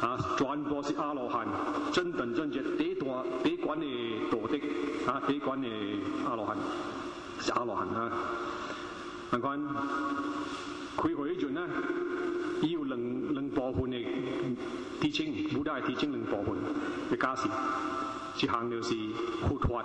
啊，全部是阿羅漢，正等正見，第一第一關的道的，啊，第一關嘅阿羅漢，是阿羅漢啊。另外，佢可以做呢，有兩兩部分嘅提升，唔得提升兩部分嘅傢俬，一行就是護法。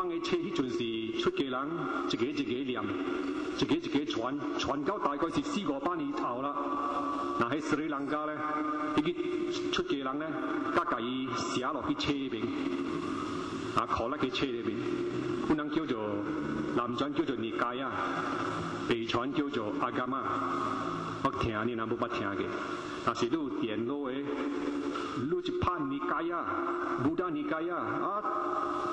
車呢陣時出家人自己自己念，自己自己傳，傳到大概是四五百年頭啦。嗱喺斯里蘭卡咧，這出人呢啲出家人咧，家家以寫落啲車裏邊，啊靠甩喺車裏邊，可、嗯、能叫做南傳叫做尼加呀，北傳叫做阿加瑪。我聽你冇乜聽嘅，但是有電路嘅，路就怕尼加呀，唔得尼加呀啊！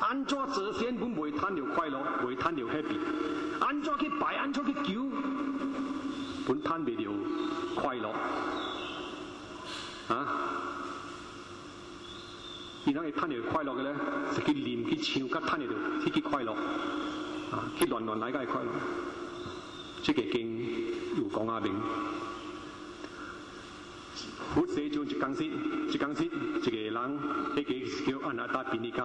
安坐坐先本，本未貪到快樂，未貪到 happy。安坐去拜，安坐去叫，本貪未到快樂，啊！點解要貪到快樂嘅咧？食啲念啲超吉貪到呢啲快樂，啊！去暖暖來梗係快樂。《出家經》有講阿明，佛世尊一公室，一公室一個人，一、那個是叫阿那達比尼迦。